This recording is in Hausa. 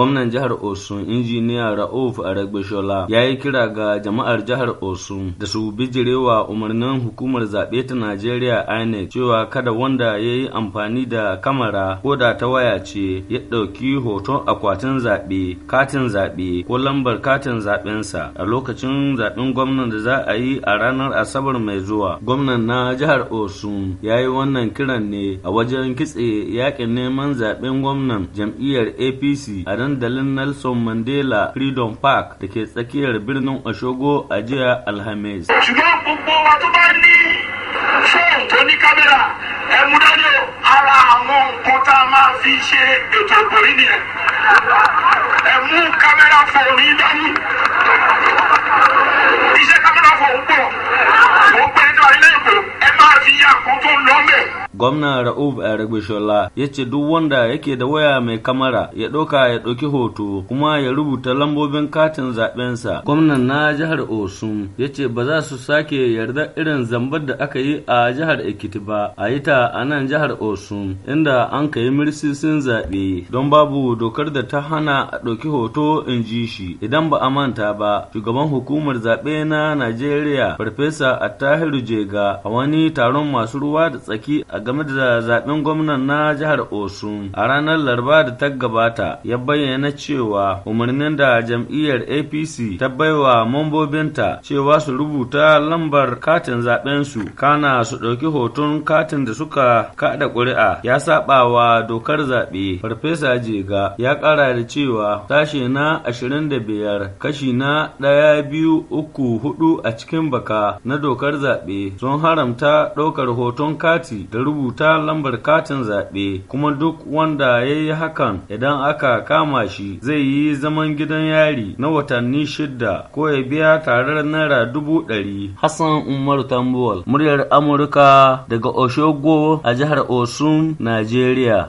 Gwamnan jihar Osun injiniya Ra'uf Aragbeshola ya yi kira ga jama'ar jihar Osun da su bijirewa umarnin hukumar zaɓe ta Najeriya INEC cewa kada wanda ya yi amfani da kamara ko da ta waya ce ya ɗauki hoton akwatin zaɓe, katin zaɓe ko lambar katin zaɓensa a lokacin zaɓen gwamnan da za a yi a ranar Asabar mai zuwa. Gwamnan na jihar Osun ya yi wannan kiran ne a wajen kitse yaƙin neman zaɓen gwamnan jam'iyyar APC a dandalin Nelson Mandela Freedom Park da ke tsakiyar birnin Oshogo a jiya Alhamis. Ṣùgbọ́n gbogbo wa tó bá ní fóònù tó ní kámẹ́rà ẹ ara àwọn nǹkan tá a máa fi ṣe ètò ìgbòrí nìyẹn. Ẹ kámẹ́rà fóònù yín dání. Gwamna Ra'ub Arabishola ya ce duk wanda yake da waya mai kamara ya ɗauka ya ɗauki hoto kuma ya rubuta lambobin katin zaɓensa. Gwamnan na jihar Osun ya ce ba za su sake yarda irin zambar da aka yi a jihar Ekiti ba a yi ta a nan jihar Osun inda an ka yi mirsisin zaɓe don babu dokar da ta hana a ɗauki hoto in ji shi idan ba a manta ba shugaban hukumar zaɓe na Najeriya Farfesa Attahiru Jega a wani taron masu masu ruwa da tsaki a game da zaben gwamnan na jihar Osun a ranar Laraba da ta gabata ya bayyana cewa umarnin da jam'iyyar APC ta baiwa mambobinta cewa su rubuta lambar katin zaben su kana su ɗauki hoton katin da suka kaɗa ƙuri'a ya saba wa dokar zaɓe farfesa jega ya ƙara da cewa sashe na 25 kashi na ɗaya biyu uku hudu a cikin baka na dokar zaɓe sun haramta ɗaukar hoton kati da rubuta lambar katin zaɓe kuma duk wanda ya yi hakan idan aka kama shi zai yi zaman gidan yari na watanni shidda ko ya biya tarar naira dubu ɗari. Hassan Umaru Tambuwal, muryar Amurka daga Oshogo a jihar Osun, Najeriya.